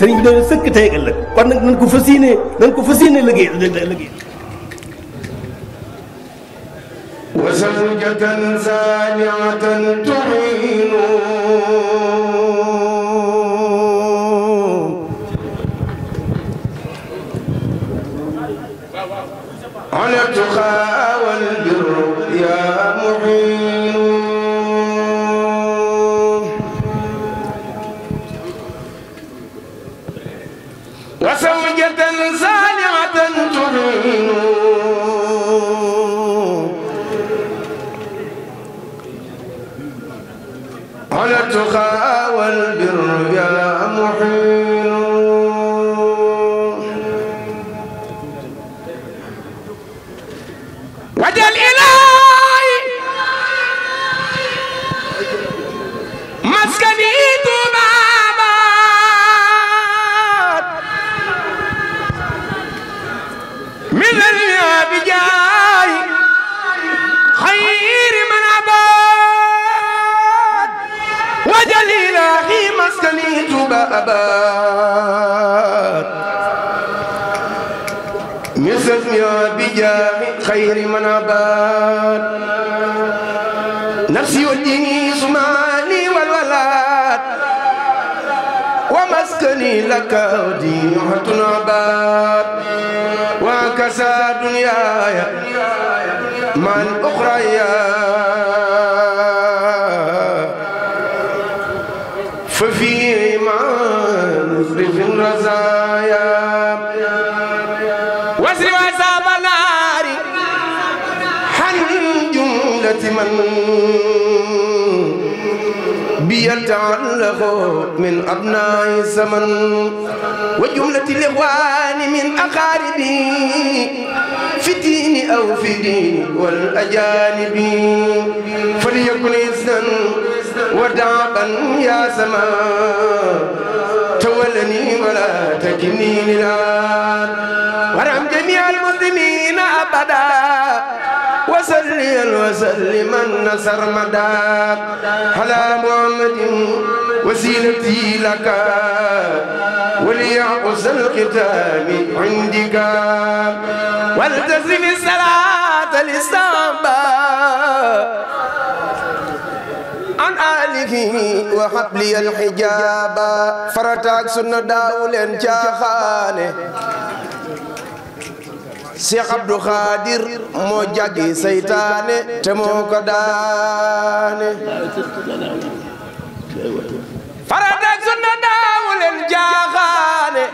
sëriñ bi dana sëkk tey ëllëg kon nag nañ ko fas yéene nañ ko fas yéene liggéey liggéey وزوجة سانعة تعين على تخاف أجلي لاقي مسكني تبابات نسفني بجاه خير من أبات نفسي وديني سمالي والولاد ومسكني لك وديعة أبات وكسى دنياي من أخريات من بيتعلق من أبناء الزمن وجملة الإخوان من أقاربي في دين أو في دين والأجانب فليكن إذنا ودعبا يا سماء تولني ولا تكلني للآن وارحم جميع المسلمين أبدا وسليا وسلما نصر مداك على محمد وسيلتي لك وليعقص الختام عندك والتزم الصلاة للسامبا عن آله وحبلي الحجاب فرتاك سنة داولين جاخانه Cheikh Abdou Khadir moo jàggi seytaane te moo ko daane farata sunna daawu jaaxaane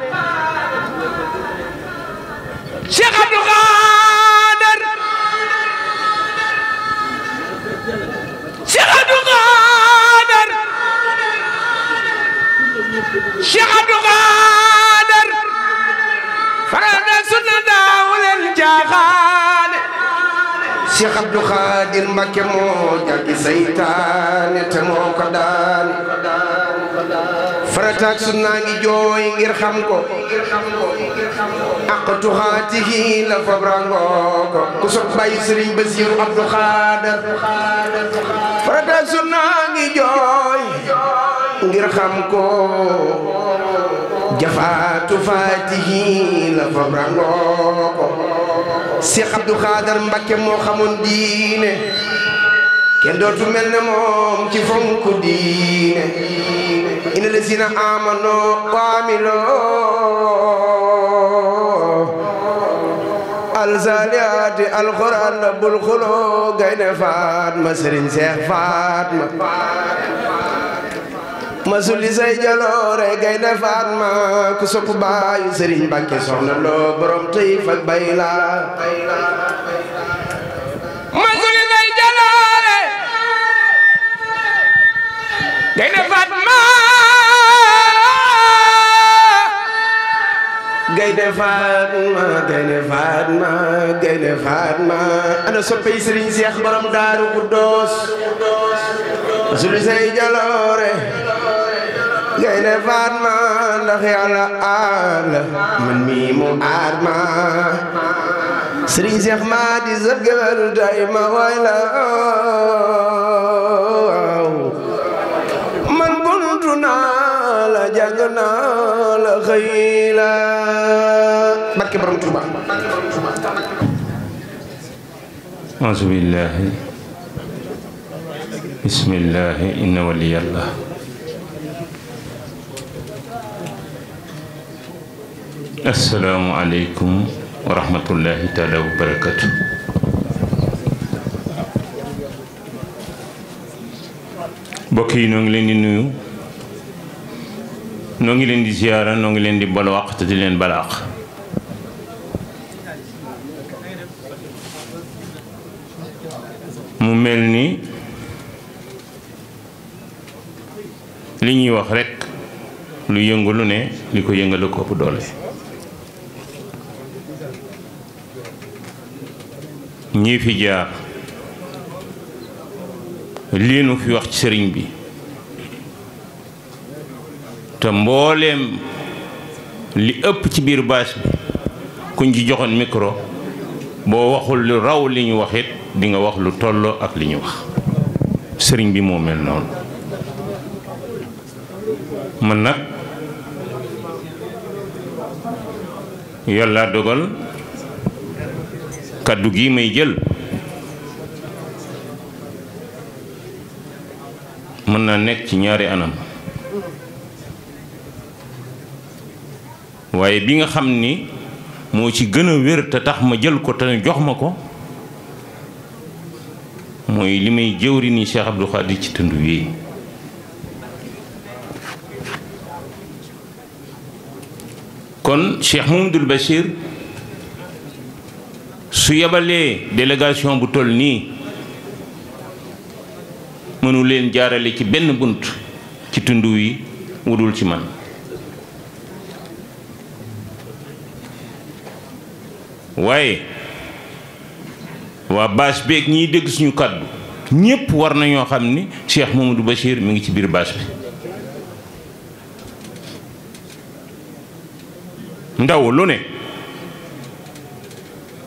Mbakke moo jàppi ko daan sunna ngi jooy ngir xam ko ak tuxaatihi la fab rangoo ko ku soog bàyyi Sëriñ Basiiru Abdu Xaadar farataak sunna ngi jooy ngir xam ko jafaatu faatihi la fab rangoo ko Cheikh Abdou Khadar Mbacké moo xamoon diine kenn dootu mel ne moom ci fonk diine inna lazina amano wa amilo alzaliati alquran rabbul xulo gayne Fatma Serigne Cheikh Fatma ma sulli say jaloore gaynde Fatma ku sopp baayu Serigne Mbacké soxna loo borom tey fak bay laa ma sulli jaloore gaynde Fatma gaynde Fatma gaynde Fatma ana soppey Serigne Cheikh borom Daaru Kuddoos ma sulli say jaloore gaynde Fatma ndax yàlla aar la man mii mu aar ma Serigne Cheikh ma di sët gëwël tay ma way la man buntu naa la jàng naa la xëy la barke borom Tuuba auzu billahi bismillahi inna waliyallah asalaamualeykum wa rahmatullahi taala wa barakatu mbokk yi noo ngi leen di nuyu noo ngi leen di ziyaara noo ngi leen di balwaq te di leen balaq mu mel ni li ñuy wax rekk lu yëngulu ne li ko yëngalu ko ëpp doole ñii fi jaar lii nu fi wax ci sëriñ bi te mbooleem li ëpp ci biir baas bi kuñ ci joxoon micro boo waxul lu raw li ñu wax wax lu tolloo ak li wax sëriñ bi moo mel noonu man nag yàlla dogal kàddu gi may jël mën naa nekk ci ñaari anam waaye bi nga xam ni moo ci gën a wér te tax ma jël ko te jox ma ko mooy li may jëwri ni Cheikh Abdou Khadir ci tënd wi kon Cheikh Mamadou Bachir su yebalee délégation bu toll nii mënuleen jaarale ci benn bunt ci tund wi wudul ci man waaye waa baas beeg ñiy dégg suñu kàddu ñépp war nañoo xam ni Cheikh Mamadou bashir mu ngi ci biir baas bi ndaw lu ne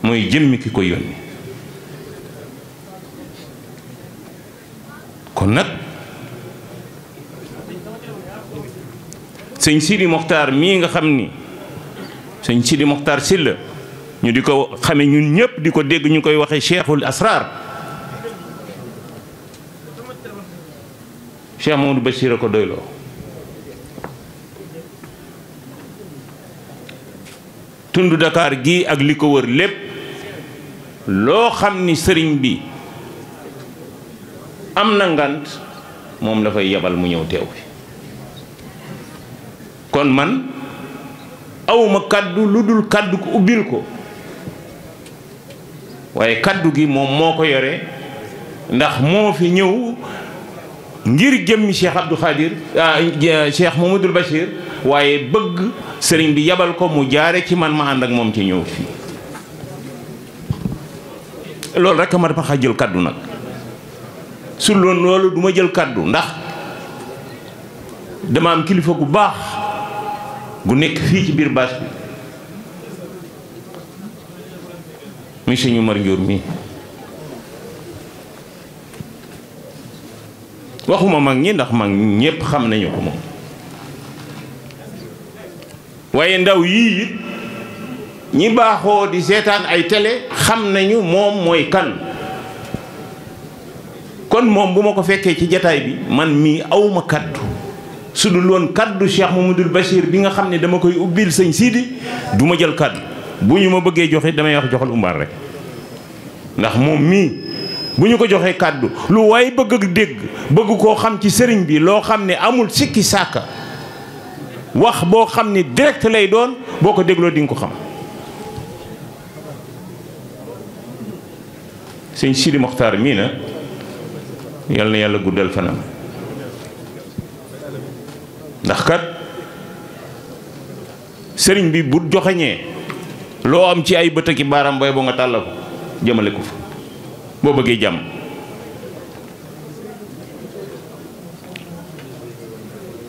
mooy jëmmi ki ko yónni kon nag sëñ Sidi Mokhtar mii nga xam ni sëñ Sidi Mokhtar Sylla ñu di ko xame ñun ñëpp di ko dégg ñu koy waxee cheikhul asrar cheikh Mamadou Bachir a ko doyloo tundu Dakar gi ak li ko wër lépp loo xam ni sëriñ bi am na ngant moom dafay fay yebal mu ñëw teew bi kon man awma kàddu lu dul kàddu ko ubbil ko waaye kàddu gi moom moo ko yore ndax moo fi ñëw ngir jëmmi Cheikh Abdou Khadir ah, Cheikh Mamadou Bachir waaye bëgg sëriñ bi yabal ko mu jaare ci man ma ànd ak moom ci ñëw fii loolu rek ma tax a jël kàddu nag su loolu duma jël kaddu ndax dama am kilifa gu baax gu nekk fii ci biir baas bi muy sëñ Umar Njoor mii waxuma mag ñi ndax mag ñépp xam nañu ko moom waaye ndaw yii it ñi baaxoo di seetaan ay télé xam nañu moom mooy kan kon moom bu ma ko fekkee ci jataay bi man mii awma kaddu su dul woon kaddu Cheikh Mamadou Bachir bi nga xam ne dama koy ubbil sëñ siidi du ma jël kaddu bu ñu ma bëggee joxe damay wax joxal umbaar rek ndax moom mii bu ñu ko joxee kàddu lu waaye bëgg ak dégg bëgg koo xam ci sëriñ bi loo xam ne amul sikki sàkka wax boo xam ne direct lay doon boo ko dégloo di nga ko xam sëñ Sidi Mokhtar mii na yal na yàlla guddal fanam ndax kat sëriñ bi bu joxeñee loo am ci ay bët ak i baaram nga tàlla jëmale ko fa boo bëggee jàmm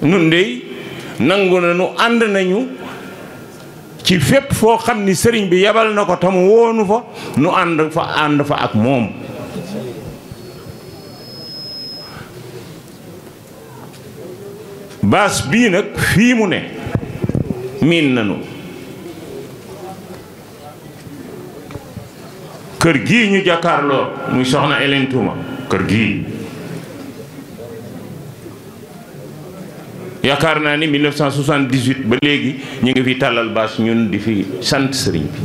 nun dey nangu nañu ànd nañu ci fépp foo xam ni sëriñ bi yabal na ko tam woonu fa nu ànd fa ànd fa ak moom baas bii nag fii mu ne miin nanu kër gii ñu jàkkaarloo muy soxna Hélène kër gii yaakaar naa ni 1978 ba léegi ñu ngi fi tàllal baas ñun di fi sant sëriñ bi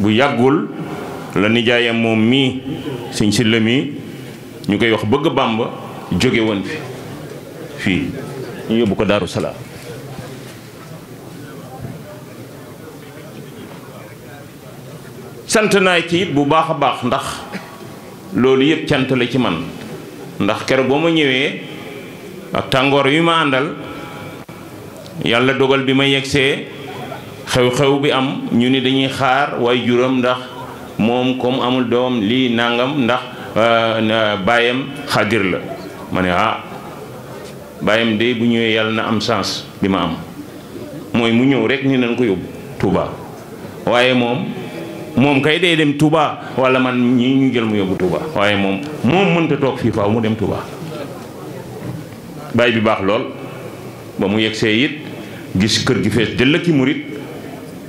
bu yàggul la nijaayam moom mii sëñ si la mii ñu koy wax bëgg Bàmba jóge woon fi fii ñu yóbbu ko Daaru Salaam sant naa ci it bu baax a baax ndax loolu yëpp cant la ci man ndax keroog boo ma ñëwee ak tàngoor yu ma àndal yàlla dogal bi ma yegsee xew-xew bi am ñu ni dañuy xaar waaye juróom ndax moom comme amul doom lii nangam ndax euh, baayam xadir la ma ne ah baayam de bu ñëwee yàlla na am sens bi ma am mooy mu ñëw rek ni nañ ko yóbbu Touba waaye moom moom kay day dem Touba wala man ñi ñu jël mu yóbbu Touba waaye moom moom mënta toog fii faaw mu dem Touba baay bi baax lool ba mu yegsee it gis kër gi fees dëll ki murit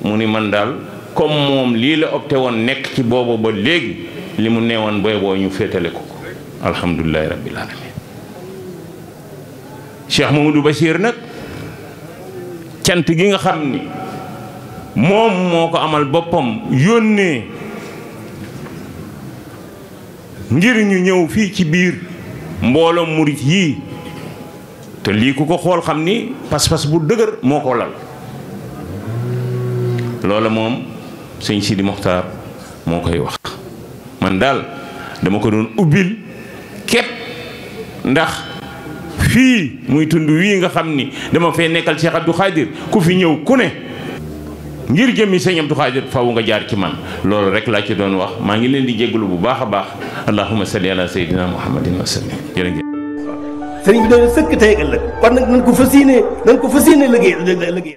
mu ni man daal comme moom lii la opté woon nekk ci boobu ba léegi li mu nee woon booy boo ñu féetale ko alhamdulilahi rabbil alamin Cheikh Mamadou Bachir nag cant gi nga xam ni moom moo ko amal boppam yónnee ngir ñu ñëw fii ci biir mbooloom murit yii te lii ku ko xool xam ni pas-pas bu dëgër moo ko lal loola moom sëñ Sidi Moxtaar moo koy wax man daal dama ko doon ubbil képp ndax fii muy tund wii nga xam ni dama fee nekkal Cheikh Abdou Khadir ku fi ñëw ku ne ngir jëmmi sëñ Abdou Khadir faaw nga jaar ci man loolu rek laa doon wax maa ngi leen di jégalu bu baax a baax allahumma salli ala sayyidina muhammadin wa sallim jërëjëf. sëriñ bi daal sëkk tey ëllëg kon nag nañ ko fas yéene nañ ko fas yéene liggéey